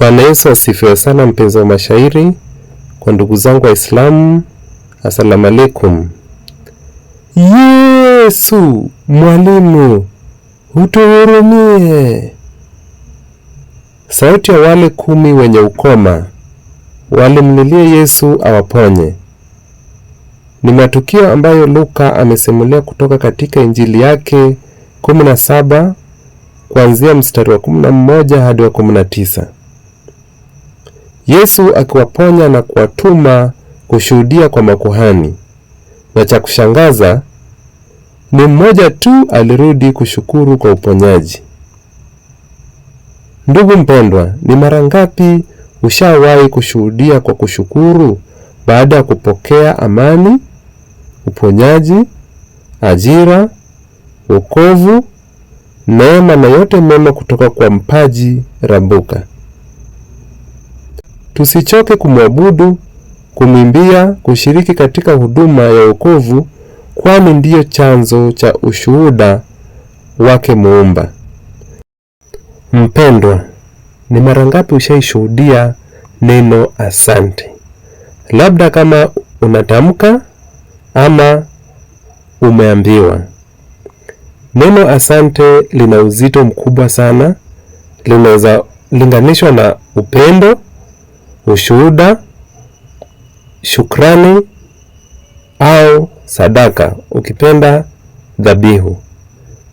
Bwana Yesu asifiwe sana, mpenzi wa mashairi, kwa ndugu zangu Waislamu, asalamu alaikum. Yesu mwalimu, utuhurumie. Sauti ya wale kumi wenye ukoma walimlilie Yesu awaponye ni matukio ambayo Luka amesimulia kutoka katika Injili yake 17 kuanzia mstari wa 11 hadi wa 19. Yesu akiwaponya na kuwatuma kushuhudia kwa makuhani. Na cha kushangaza ni mmoja tu alirudi kushukuru kwa uponyaji. Ndugu mpendwa, ni mara ngapi ushawahi kushuhudia kwa kushukuru baada ya kupokea amani, uponyaji, ajira, wokovu, neema na yote mema kutoka kwa mpaji Rabuka? Tusichoke kumwabudu, kumwimbia, kushiriki katika huduma ya wokovu, kwani ndiyo chanzo cha ushuhuda wake Muumba. Mpendwa, ni mara ngapi ushaishuhudia neno asante? Labda kama unatamka ama umeambiwa. Neno asante lina uzito mkubwa sana, linaweza linganishwa na upendo ushuhuda, shukrani au sadaka, ukipenda dhabihu.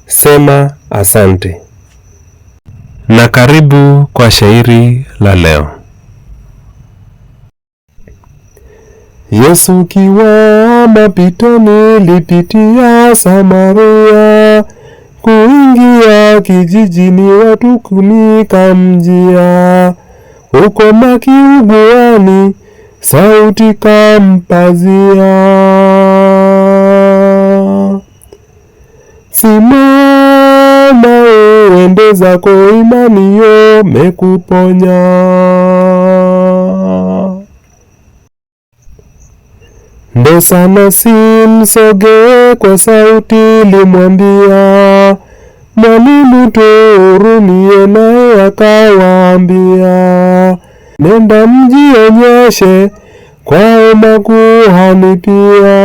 Sema asante. Na karibu kwa shairi la leo. Yesu kiwa mapito nilipitia Samaria, kuingia kijijini watu kunikamjia huko makiuguani, sauti kampazia. Simama uende zako, imani yomekuponya. Ndo sana simsogee, kwa sauti limwambia, mwalimu tuhurumie, naye akawaambia Nenda mjionyeshe kwao makuhani pia,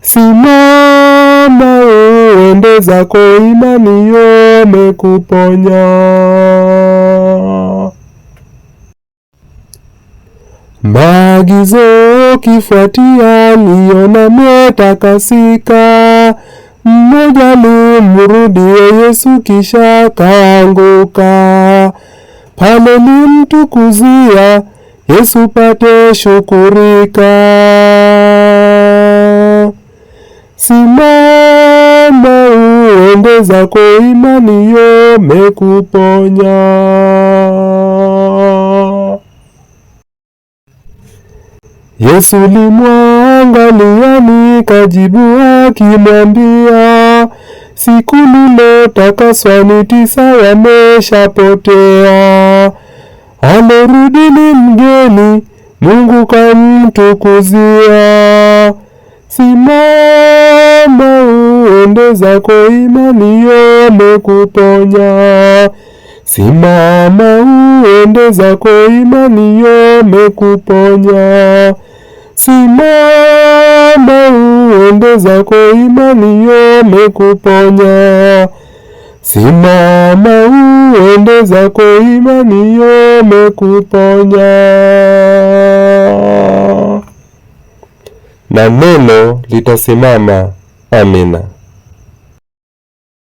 simama uende zako, imani yamekuponya. Maagizo ukifuatia, liona umetakasika mmoja alimrudie Yesu kisha kaanguka, mtukuzia Yesu pate shukurika. Simama uende zako, imani yomekuponya. Yesu limwangalia nikajibu, akimwambia siku nilotakaswa ni tisa, yameshapotea. alerudi ni mgeni, Mungu kamtukuzia. Simama uende zako, imani yamekuponya. Simama uende zako, imani yamekuponya. Simama uende zako, imani yamekuponya. Simama uende zako, imani yamekuponya. Na neno litasimama. Amina.